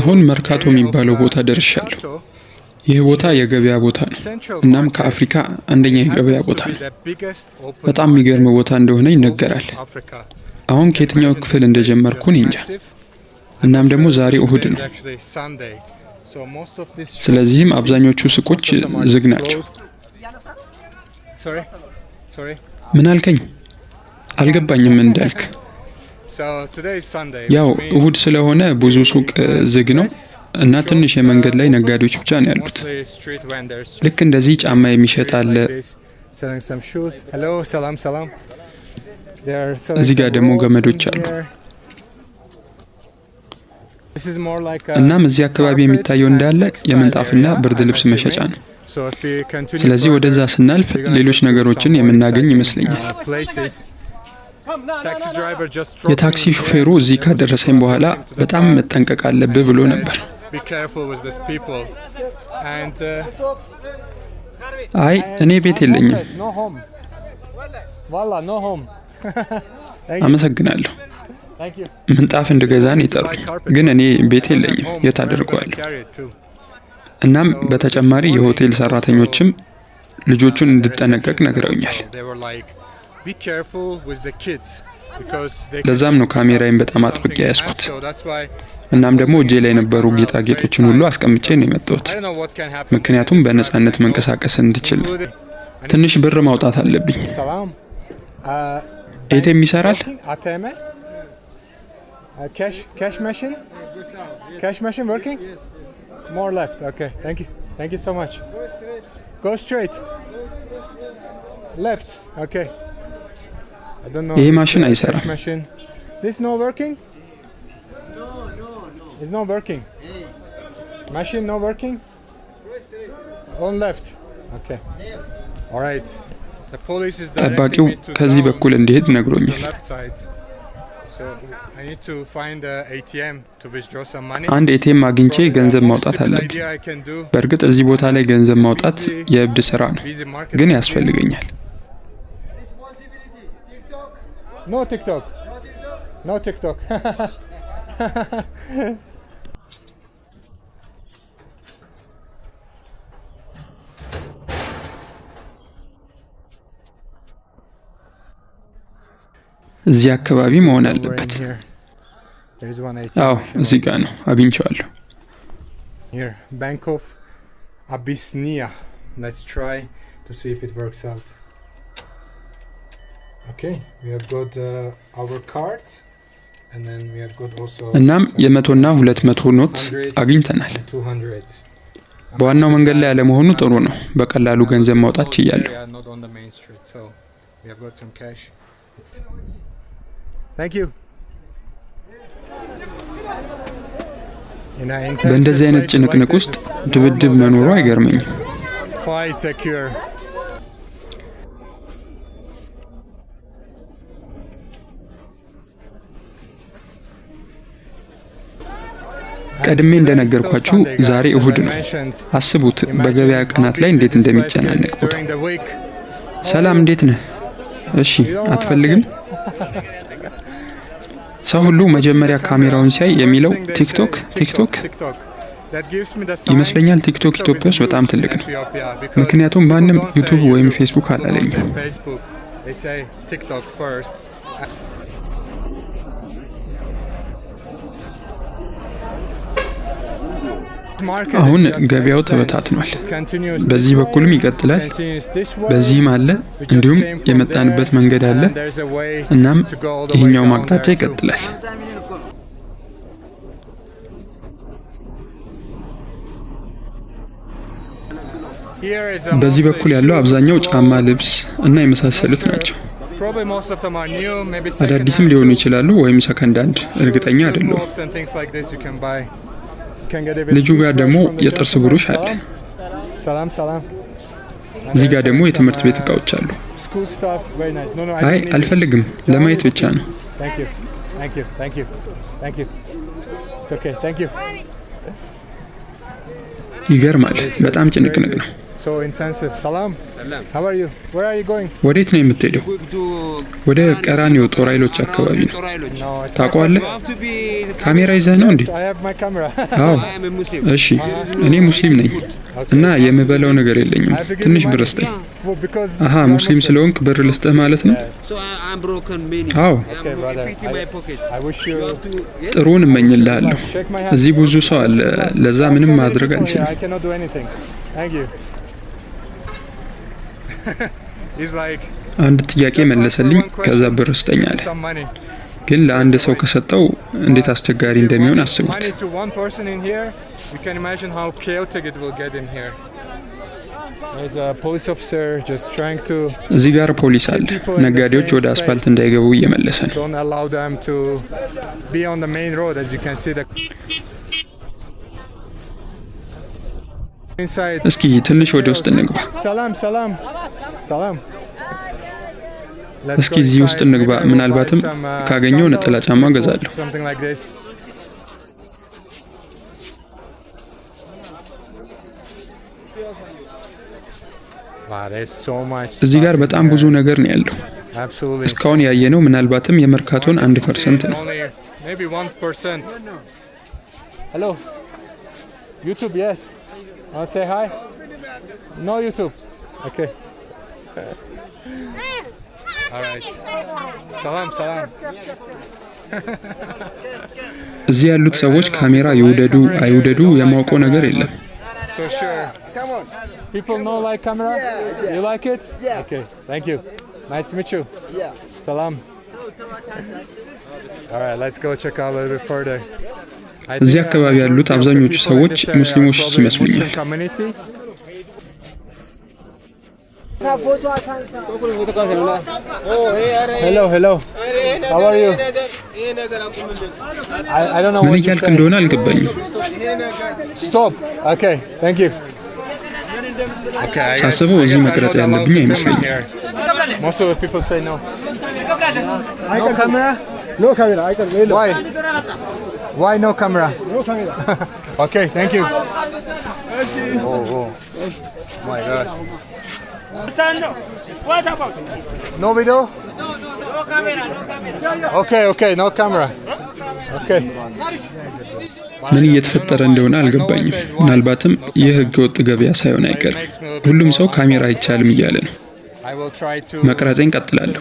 አሁን መርካቶ የሚባለው ቦታ ደርሻለሁ። ይህ ቦታ የገበያ ቦታ ነው። እናም ከአፍሪካ አንደኛ የገበያ ቦታ ነው። በጣም የሚገርም ቦታ እንደሆነ ይነገራል። አሁን ከየትኛው ክፍል እንደጀመርኩ እኔ እንጃ። እናም ደግሞ ዛሬ እሁድ ነው። ስለዚህም አብዛኞቹ ሱቆች ዝግ ናቸው። ምን አልከኝ? አልገባኝም እንዳልክ ያው እሁድ ስለሆነ ብዙ ሱቅ uh, uh, ዝግ ነው እና ትንሽ የመንገድ ላይ uh, ነጋዴዎች ብቻ ነው ያሉት። ልክ እንደዚህ ጫማ የሚሸጥ አለ። እዚህ ጋር ደግሞ ገመዶች አሉ። እናም እዚህ አካባቢ የሚታየው እንዳለ የምንጣፍና ብርድ ልብስ መሸጫ ነው። ስለዚህ ወደዛ ስናልፍ ሌሎች ነገሮችን የምናገኝ ይመስለኛል። የታክሲ ሹፌሩ እዚህ ካደረሰኝ በኋላ በጣም መጠንቀቅ አለብህ ብሎ ነበር። uh, አይ እኔ ቤት የለኝም። አመሰግናለሁ። ምንጣፍ እንድገዛን ይጠሩኝ፣ ግን እኔ ቤት የለኝም። የት አደርገዋለሁ? እናም በተጨማሪ የሆቴል ሰራተኞችም ልጆቹን እንድጠነቀቅ ነግረውኛል። ለዛም ነው ካሜራዬን በጣም አጥብቄ ያስኩት እናም ደግሞ እጄ ላይ የነበሩ ጌጣጌጦችን ሁሉ አስቀምጬ ነው የመጣሁት፣ ምክንያቱም በነጻነት መንቀሳቀስ እንድችል። ትንሽ ብር ማውጣት አለብኝ። uh, ኤቲኤም ይሰራል? ይህ ማሽን አይሰራም። ጠባቂው ከዚህ በኩል እንዲሄድ ነግሮኛል። አንድ ኤቲኤም አግኝቼ ገንዘብ ማውጣት አለብኝ። በእርግጥ እዚህ ቦታ ላይ ገንዘብ ማውጣት የእብድ ስራ ነው፣ ግን ያስፈልገኛል። TikTok? No TikTok. No TikTok. No TikTok. እዚህ አካባቢ መሆን አለበት። አዎ እዚህ ጋ ነው፣ አግኝቼዋለሁ። ባንክ ኦፍ አቢሲኒያ ሌትስ ትራይ ቱ ሲ ኢፍ ኢት ወርክስ አውት እናም የመቶና ሁለት መቶ ኖት አግኝተናል። በዋናው መንገድ ላይ ያለመሆኑ ጥሩ ነው። በቀላሉ ገንዘብ ማውጣት ችያለሁ። በእንደዚህ አይነት ጭንቅንቅ ውስጥ ድብድብ መኖሩ አይገርመኝም። ቀድሜ እንደነገርኳችሁ ዛሬ እሁድ ነው። አስቡት በገበያ ቀናት ላይ እንዴት እንደሚጨናነቅ ቦታው። ሰላም እንዴት ነህ? እሺ አትፈልግም? ሰው ሁሉ መጀመሪያ ካሜራውን ሲያይ የሚለው ቲክቶክ ቲክቶክ ይመስለኛል። ቲክቶክ ኢትዮጵያ ውስጥ በጣም ትልቅ ነው። ምክንያቱም ማንም ዩቱብ ወይም ፌስቡክ አላለኝም። አሁን ገበያው ተበታትኗል። በዚህ በኩልም ይቀጥላል፣ በዚህም አለ፣ እንዲሁም የመጣንበት መንገድ አለ። እናም ይህኛው ማቅጣጫ ይቀጥላል። በዚህ በኩል ያለው አብዛኛው ጫማ፣ ልብስ እና የመሳሰሉት ናቸው። አዳዲስም ሊሆኑ ይችላሉ ወይም ሰከንድ አንድ፣ እርግጠኛ አይደለሁም። ልጁ ጋር ደግሞ የጥርስ ብሩሽ አለ። እዚህ ጋር ደግሞ የትምህርት ቤት እቃዎች አሉ። አይ አልፈልግም፣ ለማየት ብቻ ነው። ይገርማል። በጣም ጭንቅንቅ ነው። ወዴት ነው የምትሄደው? ወደ ቀራኒዮ ጦር ኃይሎች አካባቢ ነው። ታውቀዋለህ? ካሜራ ይዘህ ነው እንዴ? አዎ። እሺ፣ uh-huh. እኔ ሙስሊም ነኝ እና የምበላው ነገር የለኝም። ትንሽ ብር ስጠኝ። አሀ፣ ሙስሊም ስለሆንክ ብር ልስጥህ ማለት ነው? አዎ። ጥሩን እመኝልሃለሁ። እዚህ ብዙ ሰው አለ። ለዛ ምንም ማድረግ አንችልም። አንድ ጥያቄ መለሰልኝ። ከዛ ብር ስጠኝ አለ። ግን ለአንድ ሰው ከሰጠው እንዴት አስቸጋሪ እንደሚሆን አስቡት። እዚህ ጋር ፖሊስ አለ። ነጋዴዎች ወደ አስፋልት እንዳይገቡ እየመለሰ ነው። እስኪ ትንሽ ወደ ውስጥ እንግባ። እስኪ እዚህ ውስጥ እንግባ። ምናልባትም ካገኘው ነጠላ ጫማ እገዛለሁ። እዚህ ጋር በጣም ብዙ ነገር ነው ያለው። እስካሁን ያየነው ምናልባትም የመርካቶን አንድ ፐርሰንት ነው። ዩቱብ ሰላም ሰላም። እዚህ ያሉት ሰዎች ካሜራ ይውደዱ አይውደዱ የማውቀው ነገር የለም። እዚህ uh, አካባቢ ያሉት አብዛኞቹ ሰዎች uh, ሙስሊሞች ይመስሉኛል። Hello, hello. How are you? I, I don't know ምን እያልክ እንደሆነ አልገባኝም። Stop. Okay, thank you. ሳስበው እዚህ መቅረጽ ያለብኝ አይመስለኝም። Most of people say no. No camera? No camera. Why? Why no camera? okay, thank you. Oh, oh. My God. What about it? No video? No, no, no. No camera, no camera. Okay, okay, no camera. Okay. ምን እየተፈጠረ እንደሆነ አልገባኝም። ምናልባትም ይህ ህገወጥ ገበያ ሳይሆን አይቀርም። ሁሉም ሰው ካሜራ አይቻልም እያለ ነው። መቅረጼን ቀጥላለሁ።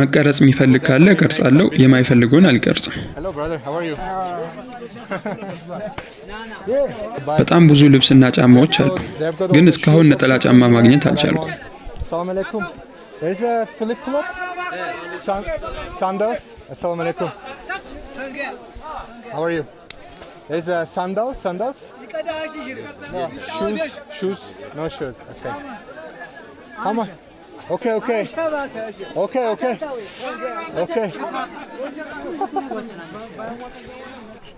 መቀረጽ የሚፈልግ ካለ ቀርጻለሁ፣ የማይፈልገውን አልቀርጽም። በጣም ብዙ ልብስና ጫማዎች አሉ፣ ግን እስካሁን ነጠላ ጫማ ማግኘት አልቻልኩም። Okay, okay. Okay, okay. Okay.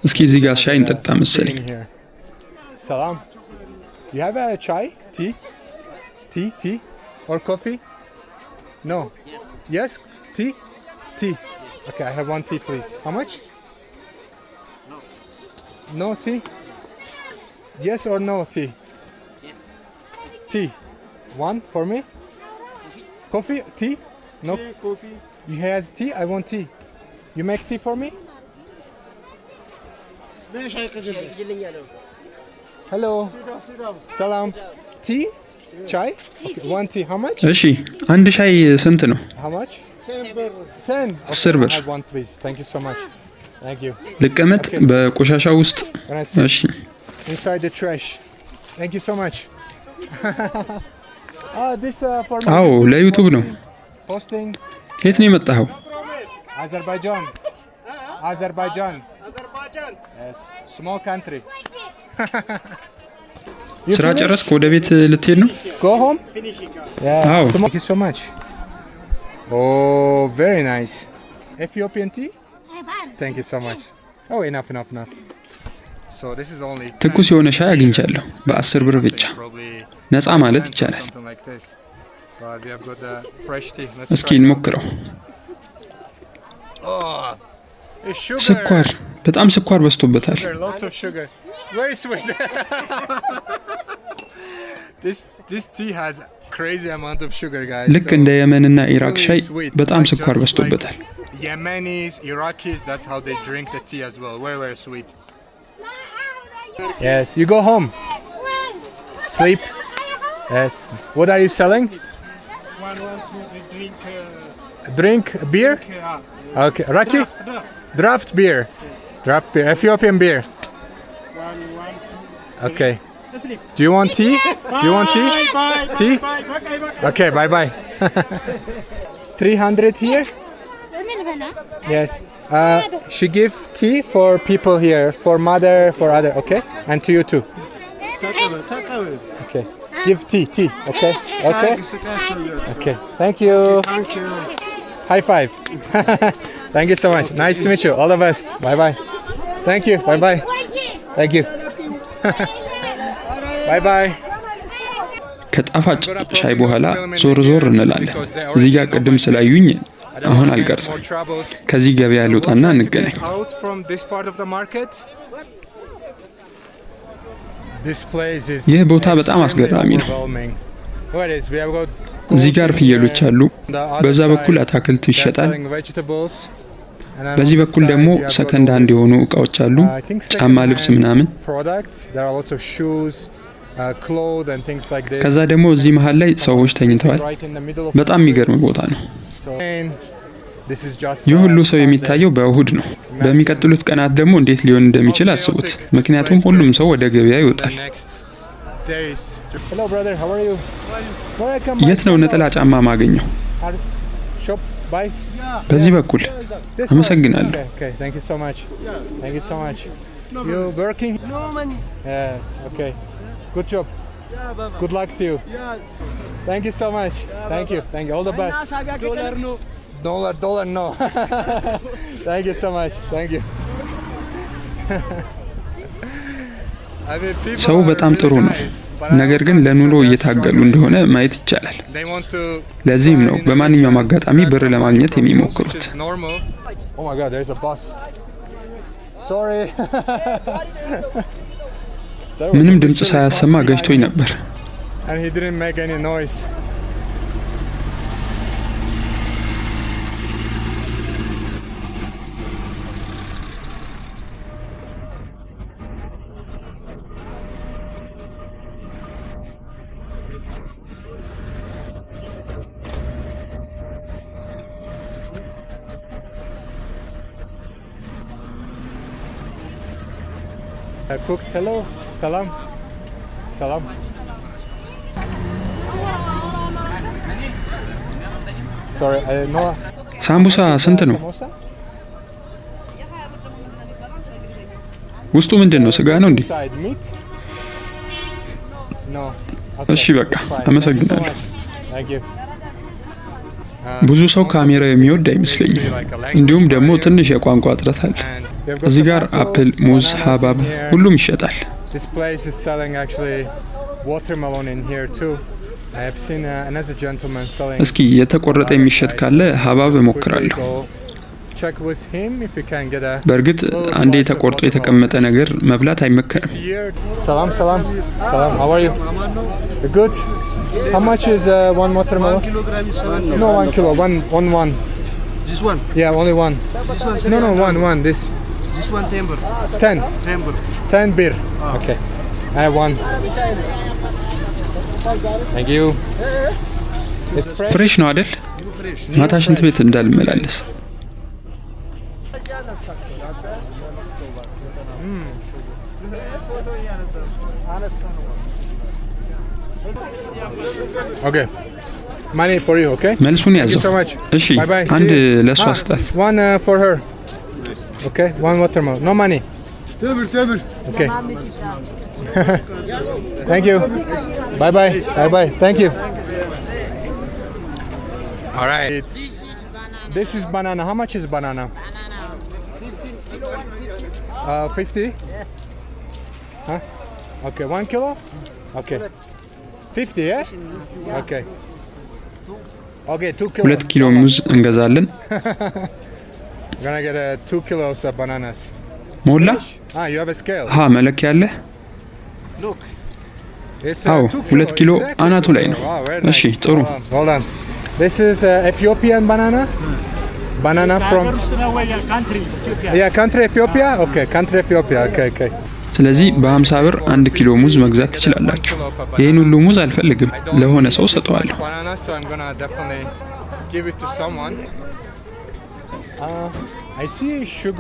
እስኪ እዚህ ጋር ሻይ እንጠጣ መሰለኝ። ሰላም You have a chai? Tea? Tea? Tea? Or coffee? No. Yes? Tea? Tea. Okay, I have one tea, please. How much? No tea? Yes or no tea? Yes. Tea. One for me? Coffee? Tea? No. Tea, coffee. He has tea? I want tea. You make tea for me? Hello. Salam. Tea? Chai? Okay, one tea. How much? እሺ አንድ ሻይ ስንት How much? 10 10 ብር። One please. Thank you so much. Thank you. ልቀመጥ በቆሻሻ ውስጥ። እሺ. Inside the trash. Thank you so much. አዎ ለዩቱብ ነው። የት ነው የመጣኸው? አዘርባጃን አዘርባጃን ስሞል ካንትሪ። ስራ ጨረስክ? ወደ ቤት ልትሄድ ነው? አዎ ቬሪ ናይስ ኢትዮጵያን ቲ ትኩስ የሆነ ሻይ አግኝቻለሁ በአስር ብር ብቻ ነፃ ማለት ይቻላል። እስኪ እንሞክረው። oh, ስኳር በጣም ስኳር በስቶበታል ልክ እንደ የመን ና ኢራቅ ሻይ በጣም ስኳር በስቶበታል Yes, you go home. Sleep. Yes. What are you selling? Drink, uh, drink beer? Drink, uh, Okay, Raki? Draft, draft. draft beer. Draft beer, Ethiopian beer. One, one, two, okay. Do you want tea? Do you want tea? Bye, tea? Bye, okay, bye bye. 300 here? Yes. Uh, she give tea for people here, for mother, for other, okay? And to you too. Okay. Give tea, tea, okay? Okay? Okay. Thank you. Thank you. High five. Thank you so much. Nice to meet you. All the best. Bye bye. Thank you. Bye bye. Thank you. bye bye. ከጣፋጭ ሻይ በኋላ ዞር ዞር እንላለን። እዚህ ጋር ቅድም ስላዩኝ አሁን አልቀርጽም። ከዚህ ገበያ ልውጣና እንገናኝ። ይህ ቦታ በጣም አስገራሚ ነው። እዚህ ጋር ፍየሎች አሉ። በዛ በኩል አታክልት ይሸጣል። በዚህ በኩል ደግሞ ሰከንድ ሃንድ የሆኑ እቃዎች አሉ፣ uh, ጫማ፣ ልብስ ምናምን። uh, ከዛ ደግሞ እዚህ መሀል ላይ ሰዎች ተኝተዋል። በጣም የሚገርም ቦታ ነው። ይህ ሁሉ ሰው የሚታየው በእሁድ ነው። በሚቀጥሉት ቀናት ደግሞ እንዴት ሊሆን እንደሚችል አስቡት፣ ምክንያቱም ሁሉም ሰው ወደ ገበያ ይወጣል። የት ነው ነጠላ ጫማ ማገኘው? በዚህ በኩል አመሰግናለሁ። Thank you so much. Yeah, Thank brother. you. Thank you. All the best. Dollar no. Dollar, dollar no. Thank you so much. Thank you. ሰው በጣም ጥሩ ነው፣ ነገር ግን ለኑሮ እየታገሉ እንደሆነ ማየት ይቻላል። ለዚህም ነው በማንኛውም አጋጣሚ ብር ለማግኘት የሚሞክሩት። ምንም ድምፅ ሳያሰማ ገጭቶኝ ነበር። and he didn't make any noise. Uh, cooked hello salam salam Uh, ሳምቡሳ ስንት ነው? ውስጡ ምንድን ነው? ስጋ ነው እንዴ? እሺ በቃ አመሰግናለሁ። ብዙ ሰው ካሜራ የሚወድ አይመስለኝም። እንዲሁም ደግሞ ትንሽ የቋንቋ እጥረት አለ። እዚህ ጋር አፕል፣ ሙዝ፣ ሀባብ ሁሉም ይሸጣል። እስኪ የተቆረጠ የሚሸጥ ካለ ሀባብ እሞክራለሁ። በእርግጥ አንዴ ተቆርጦ የተቀመጠ ነገር መብላት አይመከርም። ፍሬሽ ነው አይደል? ማታ ሽንት ቤት እንዳልመላለስ። መልሱን ያዘው። እሺ፣ አንድ ለእሷ ስጣት። uh, Tömür tömür. Okay. Şey Thank you. Bye bye. Bye bye. Thank you. All right. This is banana. This is banana. How much is banana? Banana. 15 kilo. Uh, 50? Yeah. Huh? Okay, one kilo? Okay. 50 yeah? Okay. Okay, two kilo. ሁለት kilomuz ሙዝ እንገዛለን። We're gonna get uh, two kilos of bananas. ሞላ ah, ሀ መለክ ያለ uh, አዎ ሁለት ኪሎ አናቱ ላይ ነው። እሺ ጥሩ። ስለዚህ በ50 ብር አንድ ኪሎ ሙዝ መግዛት ትችላላችሁ። ይህን ሁሉ ሙዝ አልፈልግም፣ ለሆነ ሰው ሰጠዋለሁ።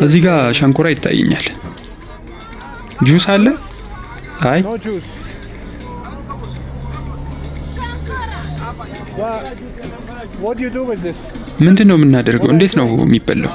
እዚህ ጋር ሸንኮራ ይታየኛል። ጁስ አለ? አይ ምንድን ነው የምናደርገው? እንዴት ነው የሚበላው?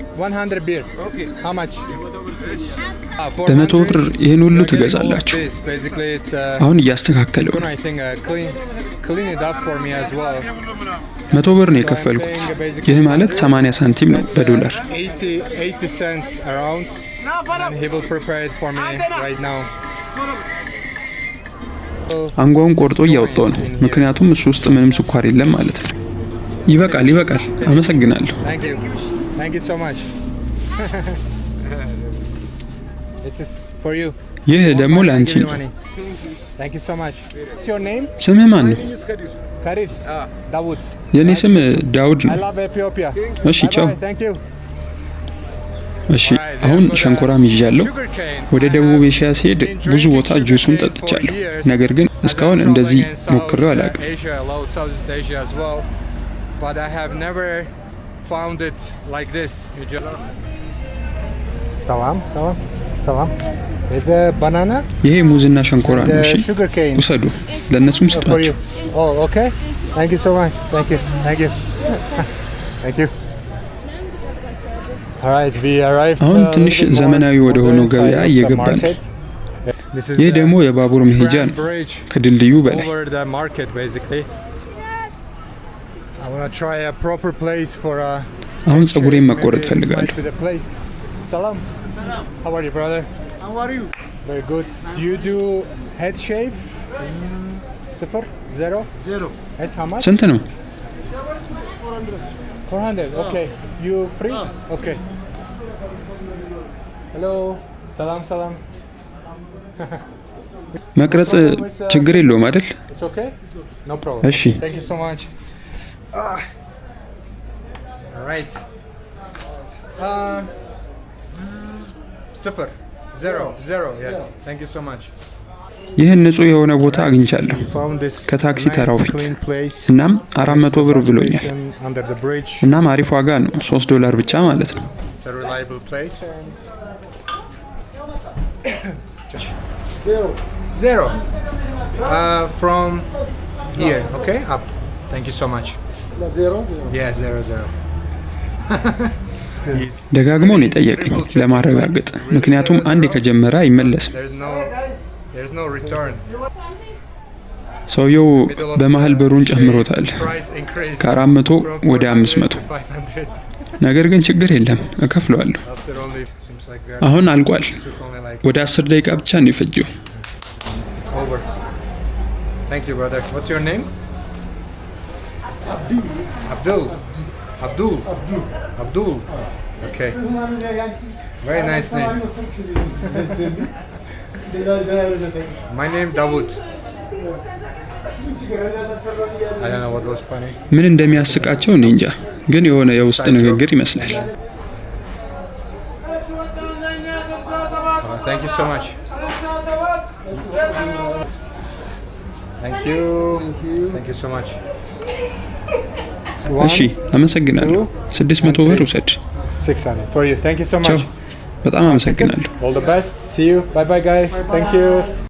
በመቶ ብር ይህን ሁሉ ትገዛላችሁ። uh, አሁን እያስተካከለው uh, መቶ ብር ነው የከፈልኩት። ይህ ማለት 80 ሳንቲም ነው በዶላር። አንጓውን ቆርጦ እያወጣው ነው፣ ምክንያቱም እሱ ውስጥ ምንም ስኳር የለም ማለት ነው። ይበቃል፣ ይበቃል። አመሰግናለሁ። ይህ ደግሞ ለአንቺ ነው። ስምህ ማን ነው? Ah. የእኔ ስም ዳውድ ነው። እሺ፣ እሺ፣ አሁን ሸንኮራም ይዣለሁ። ወደ ደቡብ ኤሽያ ሲሄድ ብዙ ቦታ ጁሱን ጠጥቻለሁ፣ ነገር ግን እስካሁን እንደዚህ ሞክሬው አላውቅም። but I have never found it like this. You just... ሰላም ሰላም ሰላም ይሄ ሙዝና ሸንኮራ ነው። እሺ ውሰዱ፣ ለእነሱም ስጧቸው። አሁን uh, ትንሽ ዘመናዊ ወደ ሆነው uh, ገበያ እየገባ ነው። ይህ ደግሞ የባቡር መሄጃ ነው ከድልድዩ በላይ Uh, አሁን ጸጉሬን መቆረጥ ፈልጋለሁ። ስንት ነው? Ah. Ah. መቅረጽ ችግር የለውም አይደል? እሺ Ah. All right. Uh, ስፍር ዜሮ ዜሮ። ይህን ንጹህ የሆነ ቦታ አግኝቻለሁ ከታክሲ ተራው ፊት። እናም አራት መቶ ብር ብሎኛል። እናም አሪፍ ዋጋ ነው፣ ሶስት ዶላር ብቻ ማለት ነው። ዜሮ ደጋግሞ ነው የጠየቀኝ ለማረጋገጥ፣ ምክንያቱም አንዴ ከጀመረ አይመለስም። ሰውየው በመሀል በሩን ጨምሮታል ከአራት መቶ ወደ አምስት መቶ ነገር ግን ችግር የለም እከፍለዋለሁ። አሁን አልቋል። ወደ አስር ደቂቃ ብቻ ነው የፈጀው። Abdul. Abdul. Abdul. Abdul. Okay. Very ናይስ name. My name ዳውድ ምን እንደሚያስቃቸው እኔ እንጃ፣ ግን የሆነ የውስጥ ንግግር ይመስላል። እሺ፣ አመሰግናለሁ። 600 ብር ውሰድ። ቻው፣ በጣም አመሰግናለሁ።